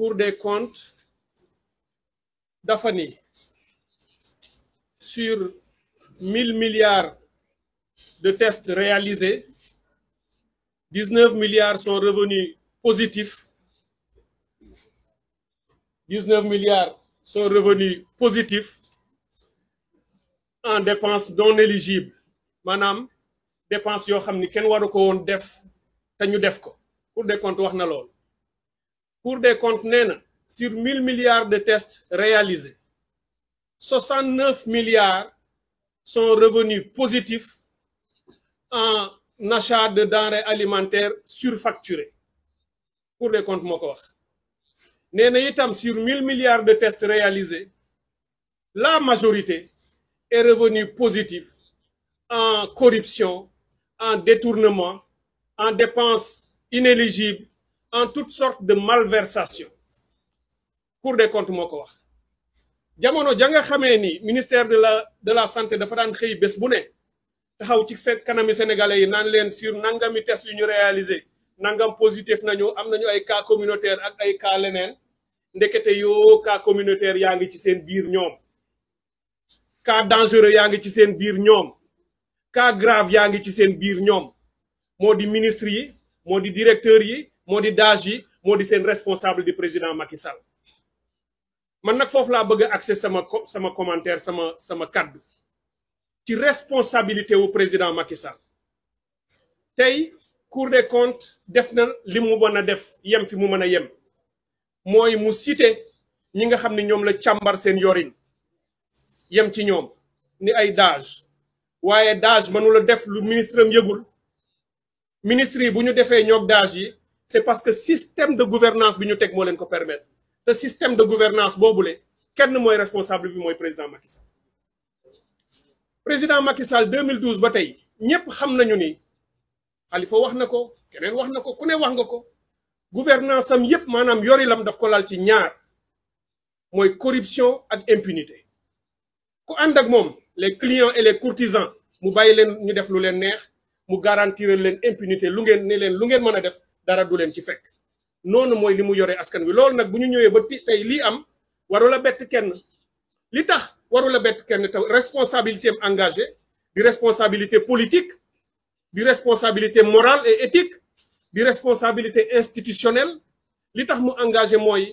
pour des comptes dafa ni sur mille milliards de tests réalisés dix-neuf milliards son revenus positifs dix-neuf milliards sont revenus positifs en dépense non éligibles maanaam dépenses yoo xam ni kenn waru ko woon def te ñu def ko pour des comptes wax na lool pour des comptes nee na sur mille milliards de tests réalisés soixante neuf milliards sont revenus positifs en achat de denrées alimentaire surfacturées Cour des comptes moo ko wax nee na itam sur mille milliards de tests réalisés la majorité est revenue positive en corruption en détournement en dépenses inéligibles en toutes sorte de malversations Cour des comptes moo ko wax jamono janga nga xamee ni ministère de la de la santé dafa daan xëy bés bu ne taxaw ci seen kanami sénégalais yi naan leen sur nangami test yu ñu réalisé nangam positif nañu am nañu ay cas communautaire ak ay cas leneen ndekete yoo cas communautaire yaa ngi ci seen biir ñoom cas dangereux yaa ngi ci seen biir ñoom cas grave yaa ngi ci seen biir ñoom moo di ministre yi moo di directeur yi moo di daaj yi moo di seen responsable di président Macky Sall man nag foofu laa bëgg a accès sama sama commentaire sama sama kaddu ci responsabilité wu président Macky Sall tey Cour des comptes def na li mu mën a def yem fi mu mën a yem mooy mu cité ñi nga xam ni ñoom la càmbar seen yorin yem ci ñoom ni ay daaj waaye daaj mënu la def lu ministre am yëgul ministre yi bu ñu defee ñoog daaj yi c'est parce que système de gouvernance bi ñu teg moo ko permettre te système de gouvernance boobule kenn mooy responsable bi mooy président Macky Sall président Macky Sall 2012 ba tey ñëpp xam nañu ni Khalifa wax na ko keneen wax na ko ku ne wax nga ko gouvernance am yëpp maanaam yorilam daf ko laal ci ñaar mooy corruption ak impunité ku ànd ak moom le clients et les courtisans mu bàyyi leen ñu def lu leen neex mu garantir leen impunité lu ngeen ne leen lu ngeen mën a def dara du leen ci fekk noonu mooy li mu yore askan wi loolu nag bu ñu ñëwee ba pi tey lii am warul a bett kenn li tax warul a bett kenn taw responsabilité am engagé di responsabilité politique di responsabilité morale et éthique di responsabilité institutionnelle li tax mu engagé mooy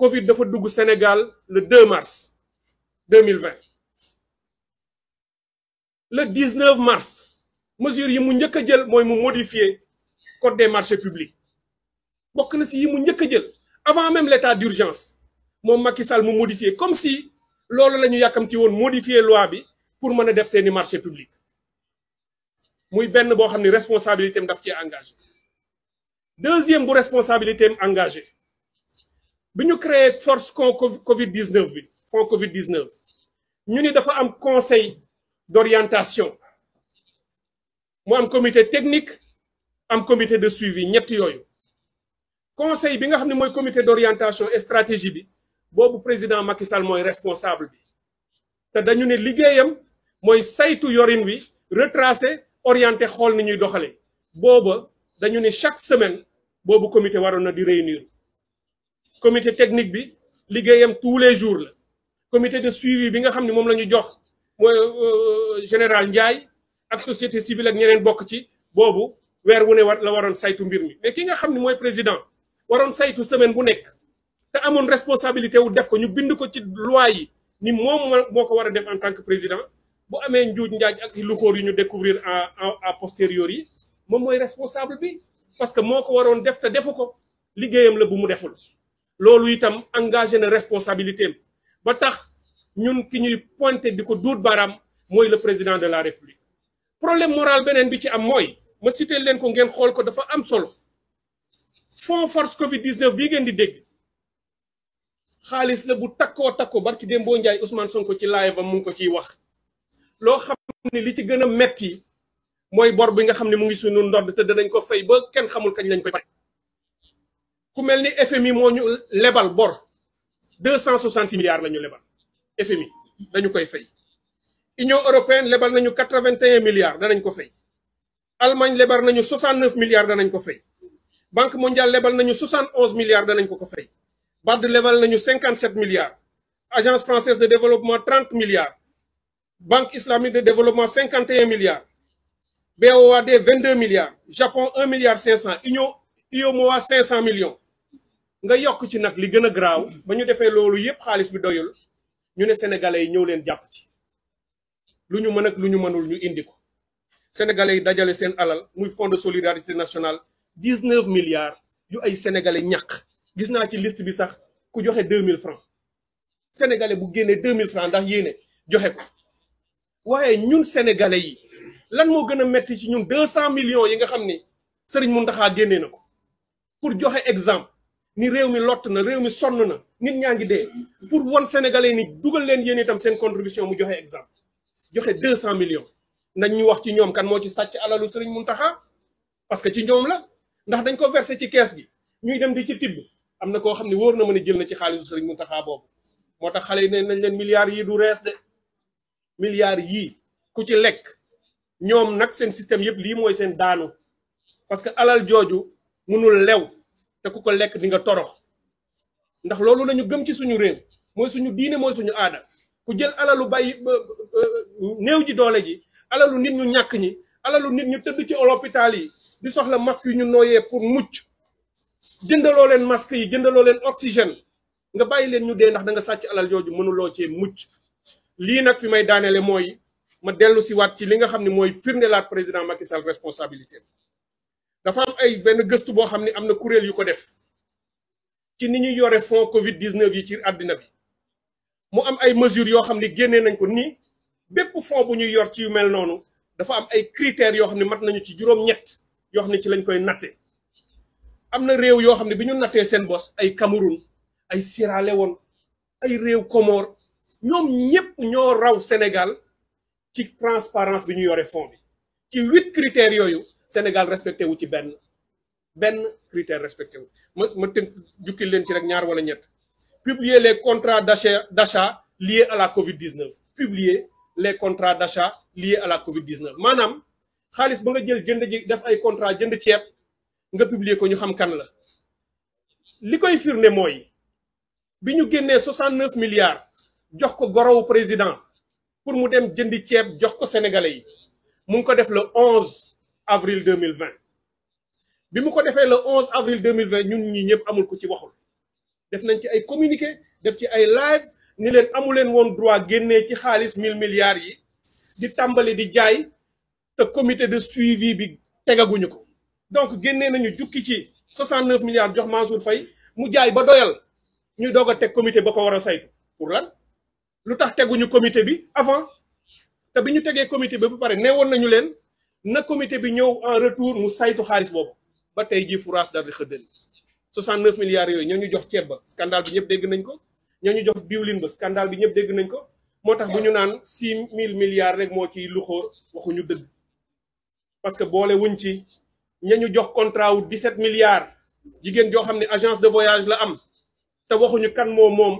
Covid dafa dugg Sénégal le 2 mars 2020 le 19 mars mesure yi mu njëkk jël mooy mu modifier code des marché publics bokk na si yi mu njëkk a jël avant même l'état d'urgence moom Macky Sall mu modifié comme si loolu la ñu yàkkamti woon modifié loi bi pour mën a def seeni marché public muy benn boo xam ne responsabilité am daf ci engagé deuxième bu responsabilité am engagé bi ñu créé force con Covid 19 bi fond Covid 19 ñu ni dafa am conseil d'orientation mu am comité technique. am comité de suivi ñett yooyu conseil bi nga xam ne mooy comité d'orientation et stratégie bi boobu président Macky Sall mooy responsable bi te dañu ne liggéeyam mooy saytu yorin wi retracer orienter xool ni ñuy doxalee booba dañu ne chaque semaine boobu comité waroon na di réunir comité technique bi liggéeyam tous les jours la comité de suivi bi nga xam ne moom la ñu jox mooy euh, général Ndiaye ak société civile ak ñeneen bokk ci boobu weer wu ne war la waroon saytu mbir mi mais ki nga xam ni mooy président waroon saytu semaine bu nekk te amoon responsabilité wu def ko ñu bind ko ci loi yi ni moom moo ko war a def en tant que président bu amee njuuj njaaj ak luxóor yu ñu découvrir à posteriori yi moom mooy responsable bi parce que moo ko waroon def te defu ko liggéeyam la bu mu deful loolu itam engagé na responsabilité am ba tax ñun ki ñuy pointé di ko duut baaraam mooy le président de la république problème moral beneen bi ci am mooy ma cité leen ko ngeen xool ko dafa am solo fonds force Covid 19 bii ngeen di dégg xaalis la bu takkoo takkoo barki démb boo Ndiaye son ko ci live am mu ngi ko ciy wax. loo xam ne li ci gën a metti mooy bor bi nga xam ne mu ngi sunu ndodd te danañ ko fay ba kenn xamul kañ lañ koy pare. ku mel ni FMI moo ñu lebal bor deux cent soixante six milliards la lebal FMI dañu koy fay. Union européenne lebal nañu quatre vingt et un milliards danañ ko fay. Allemagne lebal nañu 69 milliards danañ ko fay Banque mondiale lebal nañu 71 milliards danañ ko ko fay BAD lebal nañu 57 milliards Agence française de développement 30 milliards Banque islamique de développement 51 milliards BOAD 22 milliards Japon 1 milliard 500 Union UEMOA 500 millions nga yokk ci nag li gën a garaaw ba ñu defee loolu yépp xaalis bi doyul ñu ne sénégalais yi ñëw leen jàpp ci lu ñu mën lu ñu mënul ñu indi ko sénégalais yi dajale seen alal muy fonds de solidarité national dix neuf milliards yu ay sénégalais ñàkk gis naa ci liste bi sax ku joxe deux mille francs sénégalais bu génnee deux mille francs ndax yéene joxe ko waaye ñun sénégalais yi lan moo gën a metti ci ñun deux cent millions yi nga xam ni sëriñ Mountakha génnee na ko pour joxe exemple ni réew mi lott na réew mi sonn na nit ñaa ngi dee pour won sénégalais ni dugal leen yéen itam seen contribution mu joxe joxe deux cent millions nañ ñu wax ci ñoom kan moo ci sàcc alalu sëriñ Muntaxa parce que ci ñoom la ndax dañ ko versé ci kees gi ñuy dem di ci tibb am na koo xam ne wóor na mën a jël na ci xaalisu sëriñ Muntaxa boobu moo tax xale yi ne nañ leen milliards yii du rees de milliards yi ku ci lekk ñoom nag seen système yëpp lii mooy seen daanu parce que alal jooju mënul lew te ku ko lekk di nga torox ndax loolu lañu gëm ci suñu réew mooy suñu diine mooy suñu aada ku jël alalu bàyyi néew ji doole ji alalu nit ñu ñàkk ñi alalu nit ñu tëdd ci hôpital yi di soxla masque yu ñu nooyee pour mucc jëndaloo leen masque yi jëndaloo leen oxygène nga bàyyi leen ñu dee ndax da nga sàcc alal jooju mënuloo cee mucc lii nag fi may daanele mooy ma dellu si ci li nga xam ne mooy firnde firndelaat président Macky Sall responsabilité dafa am ay benn gëstu boo xam ne am na kuréel yu ko def ci ni ñuy yore fonds Covid 19 yi ci àddina bi mu am ay mesures yoo xam ni génnee nañ ko nii bépp fonds bu ñuy yor ci yu mel noonu dafa am ay critères yoo xam ne mat nañu ci juróom-ñett yoo xam ne ci lañ koy natte am na réew yoo xam ne bi ñu nattee seen bos ay Cameroun ay Sierra woon ay réew Comores ñoom ñëpp ñoo raw Sénégal ci transparence bi ñu yore fonds bi ci huit critères yooyu Sénégal respecté wu ci benn benn critère respecté wu ma ma tënk jukkil leen ci rek ñaar wala ñett publier les contrats d'achat d'achat liés à la Covid 19 publier. les contrats d'achat liés à la Covid-19 maanaam xaalis ba nga jël jënd ji def ay contrat jënd ceeb nga publier ko ñu xam kan la li koy firnde mooy bi ñu génnee 69 milliards jox ko gorowu président pour mu dem jënd ceeb jox ko sénégalais yi mu ngi ko def le 11 avril 2020 bi mu ko defee la 11 avril 2020 ñun ñi ñëpp amul ko ci waxul def nañ ci ay communiqué def ci ay live ni leen amuleen woon droit génnee ci xaalis mille milliards yi di tàmbali di jaay te comité de suivi bi tegaguñu ko donc génnee nañu jukki ci 69 milliards jox Mansour fay mu jaay ba doyal ñu doog a teg comité ba ko war saytu pour lan lu tax teguñu comité bi avant te bi ñu tegee comité bi bu pare nee woon nañu leen na comité bi ñëw en retour mu saytu xaalis boobu ba tey jii fourage daal di xëddali 69 milliards yooyu ñoo ñu jox cee ba scandale bi ñëpp dégg nañ ko. ñañu jox diwlin ba scandale bi ñëpp dégg nañ ko moo tax bu ñu naan six mille milliards rek moo ciy luxóor waxuñu dëgg parce que boole wuñ ci ñañu jox contrat wu 17 milliards jigéen joo xam ne agence de voyage la am te waxuñu kan moo moom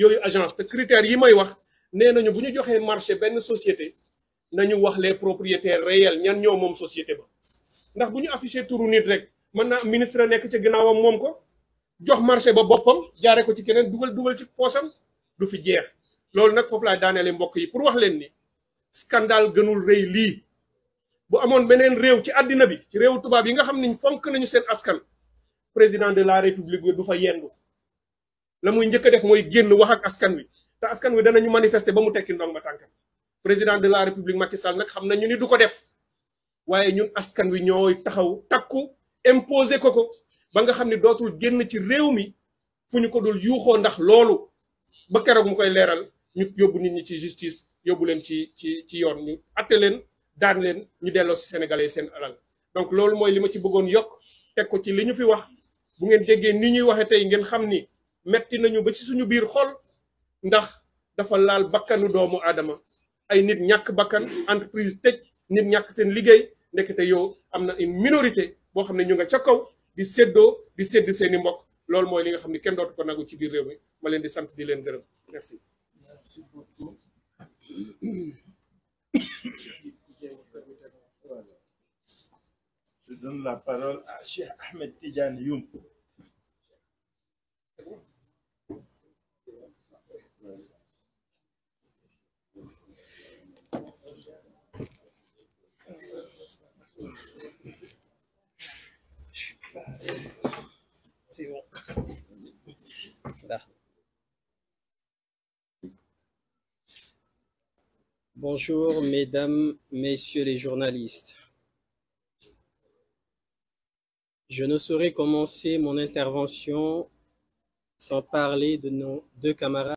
yooyu agence te critères yi may wax nee nañu bu ñu joxee marché benn société nañu wax les propriétaires réels ñan ñoo moom société ba ndax bu ñu affiché turu nit rek mën naa ministre nekk ci ginnaawam moom ko jox marché ba boppam jaare ko ci keneen dugal dugal ci poosam du fi jeex loolu nag foofu laa daaneele mbokk yi pour wax leen ni scandale gënul rëy lii bu amoon beneen réew ci àddina bi ci réew tubaab yi nga xam ni fonk nañu seen askan président de la république du fa yendu la muy njëkk def mooy génn wax ak askan wi te askan wi danañu manifester ba mu tekki ndong ba tànkam président de la république Macky nag xam nañu ni du ko def waaye ñun askan wi ñooy taxaw takku imposé ko ko ba nga xam ne dootul génn ci réew mi fu ñu ko dul yuuxoo ndax loolu ba keroog mu koy leeral ñu yóbbu nit ñi ci justice yóbbu leen ci ci ci yoon ñu atte leen daan leen ñu delloo si sénégalais seen alal donc loolu mooy li ma ci bëggoon yokk teg ko ci li ñu fi wax bu ngeen déggee ni ñuy waxee tey ngeen xam ni metti nañu ba ci suñu biir xool ndax dafa laal bakkanu doomu aadama ay nit ñàkk bakkan entreprise tëj nit ñàkk seen liggéey ndekete yow am na une minorité boo xam ne ñu nga ca kaw di séddoo di sédd seeni i loolu mooy li nga xam ne kenn dootu ko nagu ci biir réew mi ma leen di sant di leen gërëm merci. merci beaucoup. Je donne la parole Bonjour mesdames, messieurs les journalistes. Je ne saurais commencer mon intervention sans parler de nos deux camarades.